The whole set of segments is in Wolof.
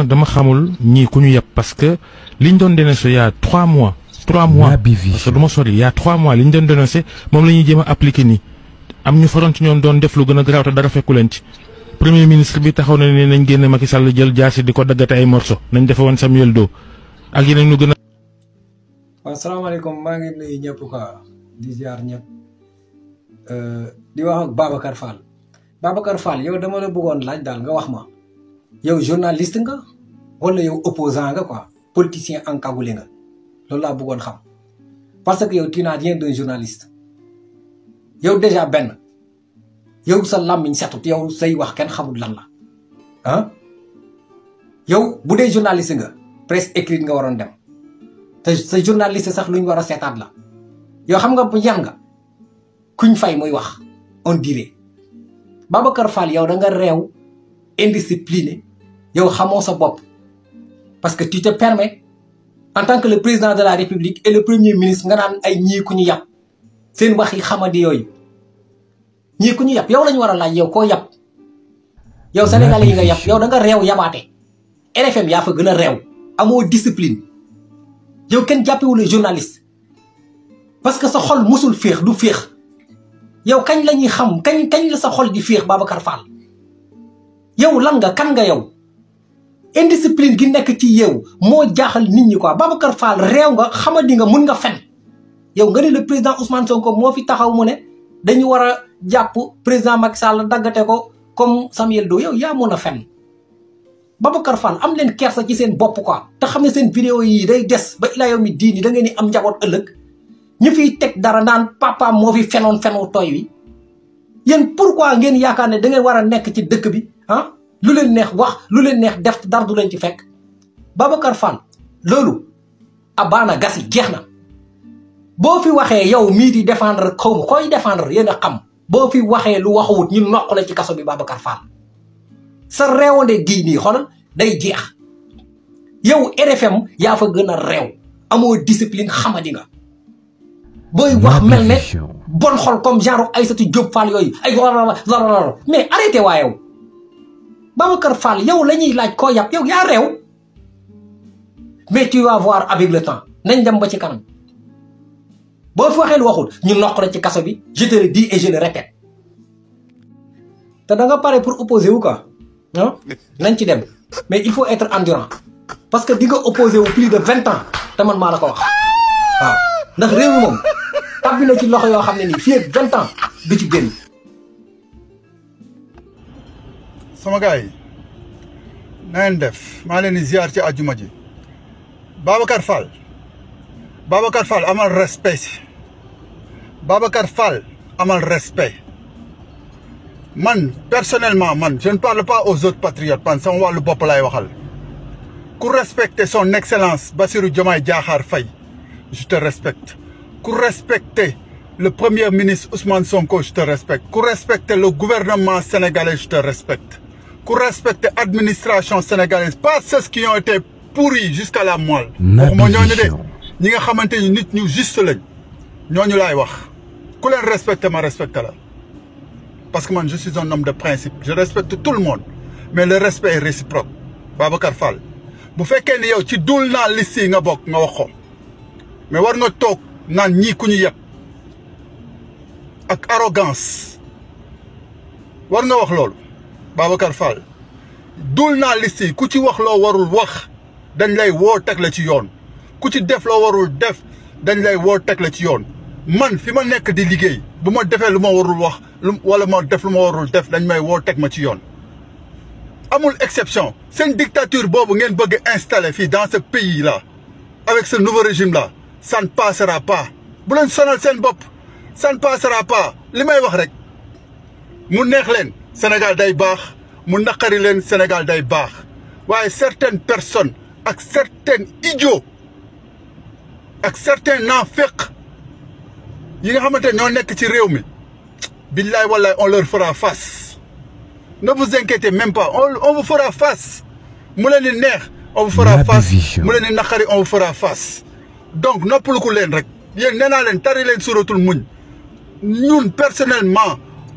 Euh, dama xamul ñii ku ñu yeb parce que liñ doon dénoncé y a mois. trois mois parce que sori y a trois mois liñ doon dénoncé moom la ñuy jéem a appliqué nii am ñu faroon ci ñoom doon def lu gën a garaaw dara fekku leen ci. premier ministre bi taxaw na ne nañ génne Macky Sall jël jaasi di ko ay morso nañ defe woon Samuel Doe ak yeneen ñu gën a. waaw salaamaaleykum maa ngi nuyu ñëpp quoi di ziar ñëpp euh, di wax ak Babacar Fall Babacar Fall yow dama la bëggoon laaj nga wax ma. yow journaliste nga wala yow opposant nga quoi politicien encagoulé nga loolu laa bëggoon xam parce que yow tu n'as rien d'un journaliste yow déjà benn yow sa làmmiñ setut yow say wax kenn xamul lan la ah yow bu dee journaliste nga presse écrite nga waroon dem te sa journaliste sax lu ñu war a seetaat la yow xam nga bu yan nga kuñ fay muy wax on dirait Babacar Fall yow da nga réew indiscipliné yow sa parce que tu te permets en tant que le président de la république et le premier ministre nga naan ay ñii ku ñu yàpp seen wax yi xamadi yooyu ñii ku ñu yàpp yow la ñu war a laaj yow koo yàpp yow sénégalais yi nga yàpp yow da nga réew RFM yaa fa gën a réew discipline yow kenn le journaliste parce que sa xol musul féex du Tu yow kañ la xam kañ kañ la sa xol di Babacar Fall yow lan nga kan nga yow indiscipline gi nek ci yow mo jaxal nit ñi quoi Babacar Fall rew nga xamadi nga mun nga fen yow nga ni le président Ousmane Sonko mo fi taxaw mu ne dañu wara japp président Macky Sall dagate ko comme Samuel Do yow ya mun a fen Babacar Fall am len kersa ci seen bop quoi ta xam seen vidéo yi day dess ba ila yow mi diini da ngay ni am jabot ëllëg ñu tek tek dara naan papa mo fi fenon fenoo toy wi yen pourquoi ngeen yakane da ngay wara nek ci dëkk bi ah lu leen neex wax lu leen neex def dara du leen ci fekk Babacar Fall loolu abaana gasi jeex na boo fi waxee yow mii di défendre xaw ma koy défendre yéen a xam boo fi waxee lu waxawut ñu noq la ci kaso bi Babacar Fall sa réewande gii nii xoolal day jeex yow RFM yaa fa gën réew amoo discipline xamadi nga booy wax mel ne bon xol comme genre Aïssatou Diop Fall yooyu ay mais arrêté waa yow Babacar Fall yow lañuy ñuy laaj koo yàpp yow ya rew mais tu vas voir avec le temps nañ dem ba ci kanam bo fi waxee waxul ñu noq ci kasso bi je te le dis et je le répète. ta da nga paré pour opposer wu quoi non hein? nañ ci dem mais il faut être endurant parce que di nga opposé wu plus de 20 ans te man maa la ko wax waaw ndax rew mom tàbbi ci loxo yo xam ne nii fii ans du ci génn. sama gars yi je ngeen def maa leen di ziar ci ji Fall Babacar Fall amal respect Babacar Fall amal respect man personnellement man je ne parle pas aux autres patriotes man sama wàllu bopp waxal ku respecter son excellence Bassirou Diomaye Diakhar Fay, je te respecte ku respecter le premier ministre Ousmane Sonko je te respecte Pour respecter le gouvernement sénégalais je te respecte pour respecter administration sénégalaise pas ceux qui ont été pourris jusqu'à la moelle moi, ils de ñi nga xamante nit ñu juste lañ ñooñu laay wax ku leen respecté ma respecte la parce que moi, je suis un homme de principe je respecte tout le monde mais le respect est réciproque Babacar Fall bu fekkee ni yow ci duul naa liste yi nga bokk nga wax mais war nga toog naan ñii yeb Avec arrogance war nga wax loolu Babacar Fall journaliste na ku ci wax lo warul wax dañ lay wo tek la ci yoon ku def lo warul def dañ lay wo tek la ci yoon man fi ma nekk di liggéey bu la defee lu warul wax wala ma def lu warul def dañ may wo tek ma ci yoon amul exception seen dictature bobu ngeen bëgg installer fi dans ce pays là avec ce nouveau régime là ça ne passera pas bu len sonal sen bop, ça ne passera pas Limay wax rek mu neex len. Sénégal day Sénégal day certaines personnes Avec certains idiots Avec certains naaféq yi nga ne ñoo pas ci on leur fera face ne vous inquiétez même pas on vous fera face mu on vous fera face mu on vous fera face donc nous Nous personnellement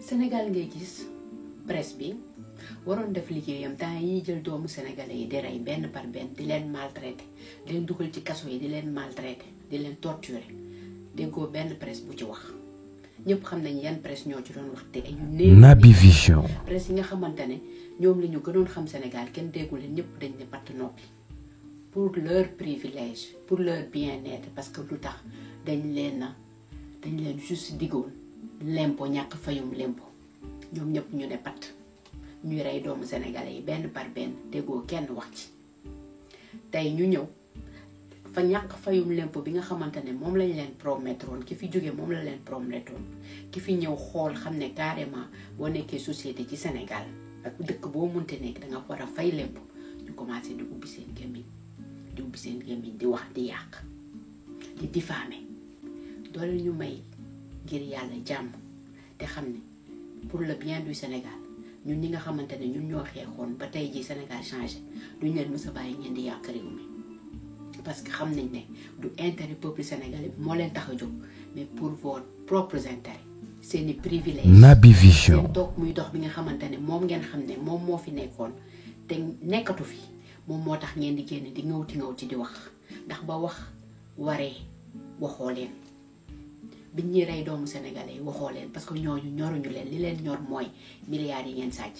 Sénégal ngay gis presse bi waroon def liggéeyam temps yi jël doomu sénégalais yi di rey benn par benn di leen maltraité di leen dugal ci kaso yi di leen maltraité di leen torturé déggoo benn presse bu ci wax ñëpp xam nañ yan presse ñoo ci doon wax te ay yu Naby Vision presse yi nga xamante ne ñoom la ñu gënoon xam Sénégal kenn déggu leen ñëpp dañ ne patt noppi pour leur privilège pour leur bien-être parce que lu tax dañ leen na dañ leen juste digoon lempo ñàkk fayum lempo ñoom ñëpp ñu ne pat ñuy rey doomu sénégalais yi benn par benn déggoo kenn wax ci tey ñu ñëw fa ñàq fayum lempo bi nga xamante ne moom lañ leen promettre woon ki fi jóge moom la leen promettre woon ki fi ñëw xool xam ne carrément boo nekkee société ci Sénégal ak dëkk boo munte nekk danga war a fay lempo ñu commencé di ubbi seen gémmiñ di ubbi seen gémmiñ di wax di yàq di diffamer doole ñu may ngir yàlla jàmm te xam ne pour le bien du Sénégal ñun ñi nga xamante ne ñun ñoo xeexoon ba tey jii Sénégal changé duñ leen mës a bàyyi ngeen di yàq mi parce que xam nañ ne du intérêt peuple sénégal moo leen tax a jóg mais pour vos propres intérêts seeni privilège Naby Vision seen toog muy dox bi nga xamante ne moom ngeen xam ne moom moo fi nekkoon te nekkatu fi moom moo tax ngeen di génn di ngawti ngawti di wax ndax ba wax waree waxoo leen biñ ñi rey doomu sénégalais yi waxoo leen parce que ñooñu ñoruñu leen li leen ñor mooy milliards yi ngeen sàcc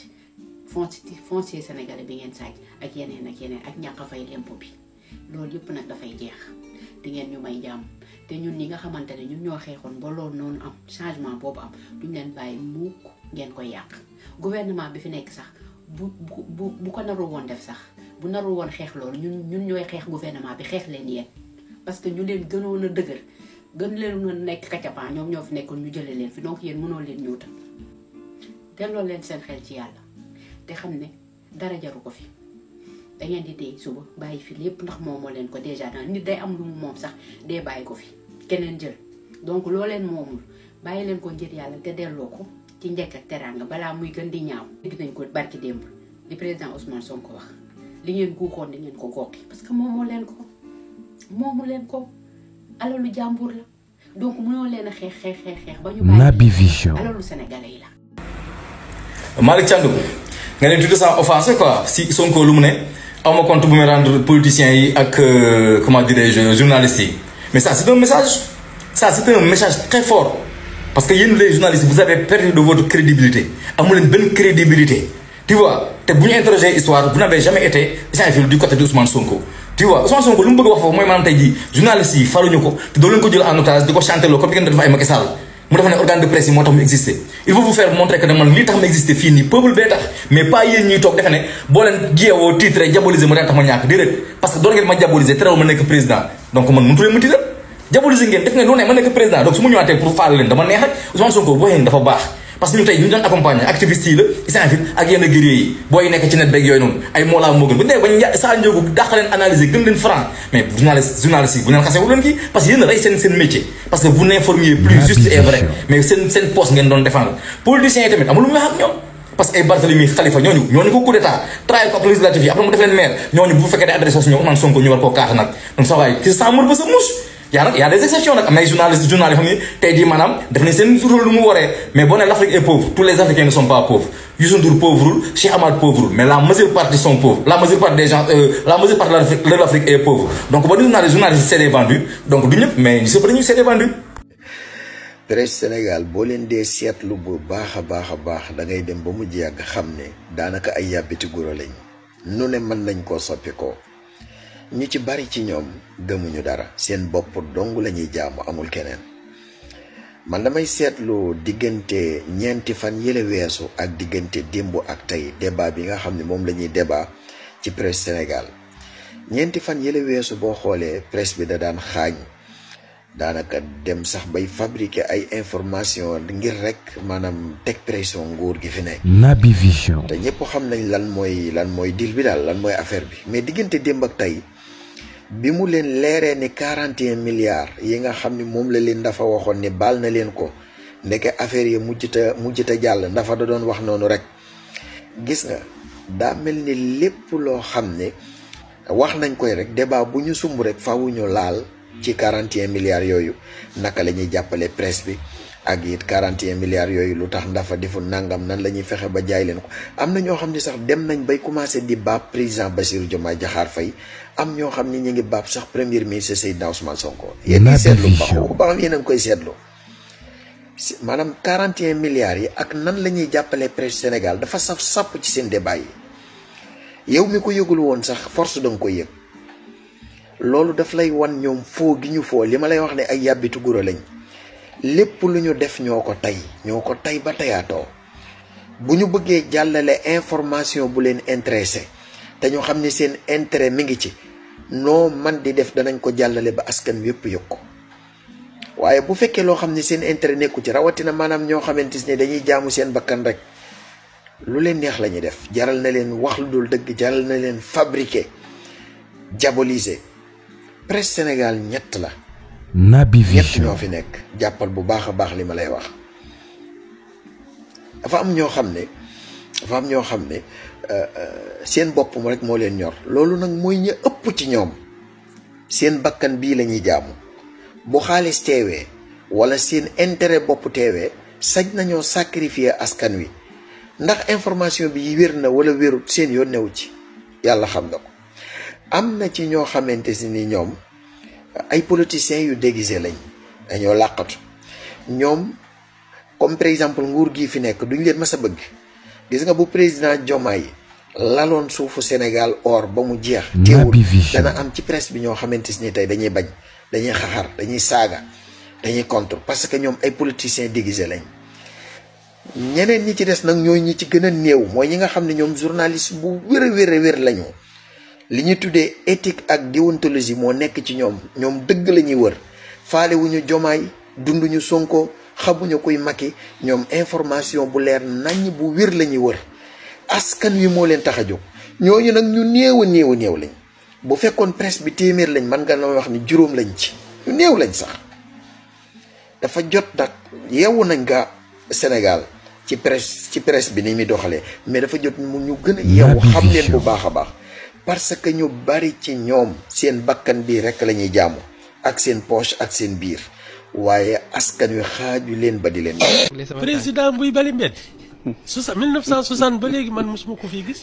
foncier sénégalais bi ngeen sàcc ak yeneen ak yeneen ak ñaq fay impôt bi loolu yëpp nag dafay jeex di ngeen ñu may jàmm te ñun ñi nga xamante ne ñun ñoo xeexoon ba noonu am changement boobu am duñ leen bàyyi mukk ngeen koy yàq gouvernement bi fi nekk sax bu bu bu ko narul woon def sax bu narul woon xeex loolu ñun ñooy xeex gouvernement bi xeex leen yéen parce que ñu leen gënoon a dëgër gën leen mën nekk kacapan ñoom ñoo fi nekkoon ñu jëlee leen fi donc yéen mënoo leen ñëwtal delloo leen seen xel ci yàlla te xam ne dara jaru ko fi da ngeen di dee suba bàyyi fi lépp ndax moomoo leen ko déjà daal day am lu mu moom sax dee bàyyi ko fi keneen jël donc loo leen moomul bàyyi leen ko ngir yàlla te delloo ko ci njëkk ak teraanga balaa muy gën di ñaaw. dégg nañ ko barki démb li président Ousmane ko wax li ngeen guuxoon di ngeen ko gokki parce que moomoo leen ko moomu leen ko. alalu jambour là. donc mënoo leen xex xex xex xex xeex ba ñu bàyyi Naby Vision sénégalais là la. chandou Thiandoum nga ne tout ça offensé quoi si Sonko lu mu ne compte bu me rendre politiciens yi ak euh, comment dirais-je journalistes mais ça c'est un message ça c'est un message très fort parce que yéen les journalistes vous avez perdu de votre crédibilité amulen ben crédibilité tu vois te bu ñu interroger histoire vous n'avez jamais été du côté de Ousmane Sonko. tu vois Ousmane Sonko lu mu bëgg wax foofu mooy maanaam tey jii journaliste yi ko te doo leen ko jël en otage di ko chanté loo comme nii peuple bee tax mais pas yéen ñuy toog defe ne boo leen jeewoo titre diaboliser ma daan tax ma ñàkk déedéet parce que doon ngeen ma diaboliser terewul ma nekk président donc man mënutu leen ma tiital diaboliser ngeen def ngeen lu ne ma nekk président donc su ma ñëwaatee pour faal leen dama neex ak Ousmane Sonko waxee parce que ñun tey ñu daan accompagner activistes la scientifique ak yenn guerrier yi booy nekk ci net beeg yooyu noonu ay moolaa moo gën bu nee bañ saa njóogu dàq leen analyser gën leen franc mais bu neen seen seen métier parce que vous n'informiez plus juste et vrai mais seen seen poste ngeen doon défendre politiciens yi tamit amul lu wax ak ñoom parce que ay Barthélemy Khalifa ñooñu ñooñu ko coup d'état trahi ko ak législatif yi après mu def leen maire ñooñu bu fekkee y a des exceptions mais les journalistes journalistes journal yoo xam ne tey def nañ rôle mais bon l'Afrique est pauvre tous les Africains ne sont pas pauvres Youssou Ndour pauvreul Cheikh Amad pauvre mais la majeure partie sont pauvres la majeure partie des gens euh, la majeure partie de l'Afrique est pauvre donc boo nee des journalistes c'est des vendus donc du ñep mais ils se prennent ñu c'est des vendus. presse Sénégal boo leen dee seetlu bu baax a baax a baax da ngay dem ba mu yàgg xam ne daanaka ay yàbbiti guro lañ ne ñu ci bari ci ñoom gëmuñu dara seen bopp dong lañuy jaamu amul keneen man damay seetlu diggante ñeenti fan yële ak diggante démb ak tey débat bi nga xam ne moom la ñuy débat ci presse Sénégal ñeenti fan yële weesu boo xoolee presse bi da daan xaañ daanaka dem sax bay fabriquer ay information ngir rek maanaam teg pression nguur gi fi nekk. Naby te ñëpp xam nañ lan mooy lan mooy deal bi daal lan mooy affaire bi mais diggante démb ak tey. bi mu leen leeree ni 41 milliards yi nga xam ni moom la leen dafa waxoon ni baal na leen ko ndeke affaire yi mujjita mujjita jàll ndafa da doon wax noonu rek gis nga daa mel ni lépp loo xam ne wax nañ koy rek débat bu ñu sumb rek fawuñu laal ci 41 milliards yooyu naka la ñuy jàppale presse bi ak yit 41 milliards yooyu lu tax ndafa deful nangam nan la ñuy fexe ba jaay leen ko am na ñoo xam ne sax dem nañ bay commencé di ba président Bassirou jaxaar Diakhar Faye am ñoo xam ni ñu ngi baab sax premier ministre Seydina Ousmane Sonko. yéen ñi seetlu baax bu baax yéen a ngi koy seetlu. maanaam 41 milliards yi ak nan la ñuy jàppalee presse Sénégal dafa saf sàpp ci seen débat yi yow mi ko yëgul woon sax force danga ko yëg loolu daf lay wan ñoom foo gi ñu foo lay wax ne ay yàbbitu gura lañ lépp lu ñu def ñoo ko tey ñoo ko tey ba teyaatoo bu ñu bëggee jàllale information bu leen intéressé te ñu xam seen intérêt mi ngi ci noo man di def danañ ko jàllale ba askan wépp yëg ko waaye bu fekkee loo xam ni seen intérêt nekku ci rawatina maanaam ñoo xamante ne dañuy jaamu seen bakkan rek lu leen neex la ñuy def jaral na leen wax lu dul dëgg jaral na leen fabriquer diaboliser presse Sénégal ñett la. Naby Vision ñoo fi nekk jàppal bu baax a baax li ma lay wax dafa am ñoo xam ne dafa am ñoo xam ne. seen bopp rek moo leen ñor loolu nag mooy ña ëpp ci ñoom seen bakkan bii la ñuy jaamu bu xaalis teewee wala seen intérêt bopp teewee sañ nañoo sacrifier askan wi ndax information bi wér na wala wérut seen yoon newu ci yàlla xam na ko am na ci ñoo xamante si ni ñoom ay politiciens yu déguisé lañ dañoo làqatu ñoom comme par exemple nguur gi fi nekk duñ leen mës a bëgg gis nga bu président yi laloon suufu Sénégal or ba mu jeex. teewul dana am ci presse bi ñoo xamante ni tey dañuy bañ dañuy xaxar dañuy saaga dañuy contre parce que ñoom ay politiciens déguisé lañ. ñeneen ñi ci des nag ñooy ñi ci gën a néew mooy ñi nga xam ne ñoom journaliste bu wér a wér a wér lañu li ñu tuddee éthique ak déontologie moo nekk ci ñoom ñoom dëgg la ñuy wër faale wu ñu jomaay dunduñu sonko xamuñu kuy makki ñoom information bu leer naññ bu wér la ñuy wër. askan wi moo leen tax a jóg ñooñu nag ñu néew a néew a lañ bu fekkoon presse bi téeméer lañ mën nga la wax ni juróom lañ ci ñu néew lañ sax dafa jot nag yeewu nañ nga Sénégal ci presse ci presse bi ni muy doxalee mais dafa jot mu ñu gën a yeewu xam leen bu baax a baax parce que ñu bari ci ñoom seen bakkan bi rek lañuy jàmm ak seen poche ak seen biir waaye askan wi xaaju leen ba di leen président buy bali soixante 1960 ba léegi man mosuma ko fii gis.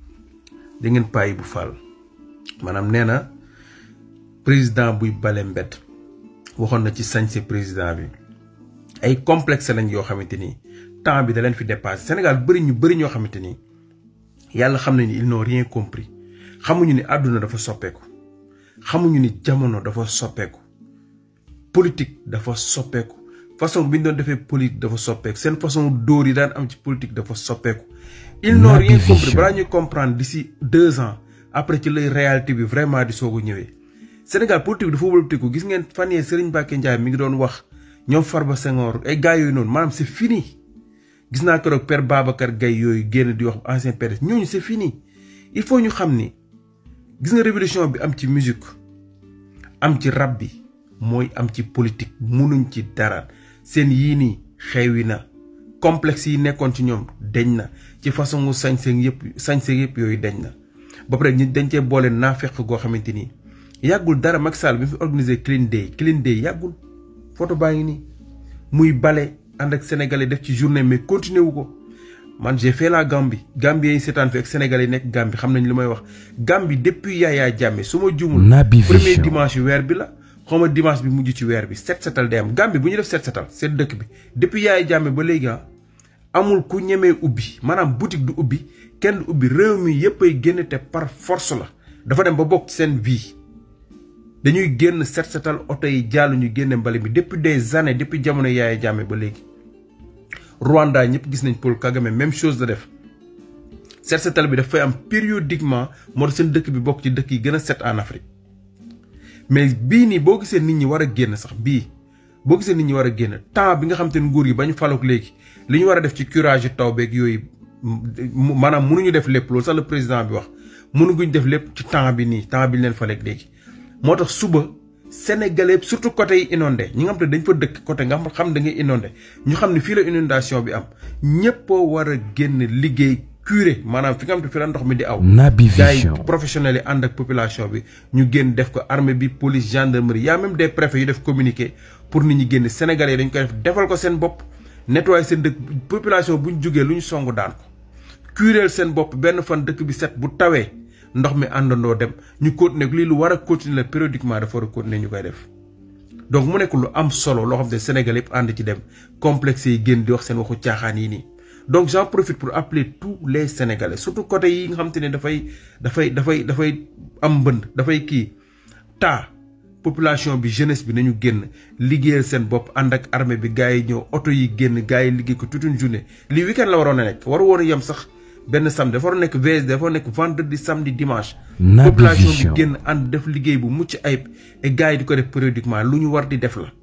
di ngeen payi bu faal maanaam nee na président buy bale mbett waxoon na ci sañse président bi ay complexe lañ yoo xamante ni temps bi da fi dépassé Sénégal bëri ñu bëri ñoo xamante ni yàlla xam nañu ñu ils n'ont rien compris xamuñu ni àdduna dafa soppeeku xamuñu ni jamono dafa soppeeku politique dafa soppeeku. façon bi ñu defé politique dafa soppeeku sen façon doori daan am ci politique dafa soppeeku. il n'a rien compris balaa ñuy comprendre d'ici deux ans après ci lay réalité bi vraiment di sogo ñëwé Sénégal politique dafa wëlbatiku gis ngeen fan Serigne Mbacké Ndiaye mi ngi doon wax ñoom Farba Senghor ay gaay yooyu noonu manam c'est fini. gis naa keroog père Babacar gay yooyu genn di wax ancien père ñooñu c'est fini il faut ñu xamni gis nga révolution bi am ci musique am ci rap bi mooy am ci politique mënuñ ci dara sen yini xewina qui complexe yi y ci ñom deñ na ci façon gu y a des yep yoy deñ na ba pare ñi dañ choses. qui sont organisées. Il y dara choses bi fi organiser clean day clean day photo Il y muy bale qui ak sénégalais def ci journée mais choses man j'ai fait la Gambie Gambien yi sont fi ak sénégalais nek Gambie xam Gambie depuis Yaya premier dimanche xawma dimanche bi mujju ci wèr bi set setal dem gambi buñu def set setal set dëkk bi depuis yaay jambe ba légui amul ku ñëmé ubi manam boutique du ubi kenn du ubi réew mi par force la dafa dem ba bokk sen vie dañuy génn set setal auto yi jallu ñu génné mbalé bi depuis des années depuis jamono yaay jambe ba légui Rwanda ñëpp gis nañ Paul Kagame même chose def set setal bi dafa am périodiquement moo sen dëkk bi bok ci dëkk yi gëna set en Afrique mais bii nii boo gisee nit ñi war a génn sax bii boo gisee nit ñi war a génn temps bi nga xam te nguur yi bañ faloog léegi li ñu war a def ci curage taw beeg yooyu maanaam mënuñu def lépp loolu sax le président bi wax mënuguñ def lépp ci temps bi nii temps bi leen faleeg léegi moo tax suba sénégalais surtout côté yi inondé ñi nga xam te dañ fa dëkk côté nga xam da ngay inondé ñu xam ne fii la inondation bi am ñëpp a war a génn liggéey curé maanaam fi nga xam te fi ndox mi di aw. Naby Vision gars professionnels yi ànd ak population bi ñu génn def ko armee bi police gendarmerie y'a même des préfets yu def communiqué pour nit ñi génn Sénégalais dañ koy def defal ko seen bopp nettoyer seen dëkk population bu ñu jógee lu ñu song daan ko. cureel seen bopp benn fan dëkk bi set bu tawee ndox mi àndandoo dem ñu continuer lii lu war a continuer la périodiquement dafa war a continuer ñu koy def. donc mu nekk lu am solo loo xam ne Sénégal ànd ci dem complexe yi génn di wax seen waxu caaxaan yi nii. donc j'en profite pour appeler tous les sénégalais surtout côté yi nga xam da Fay da am ta population bi jeunesse bi nañu faire liggéeyal sen bop andak ak armée bi gaay ñoo auto yi des gaay ko toute une journée week la a waru sax samedi dafa vendredi samedi dimanche. population bi génn and def liggéey bu mucc et qui périodiquement lu war di def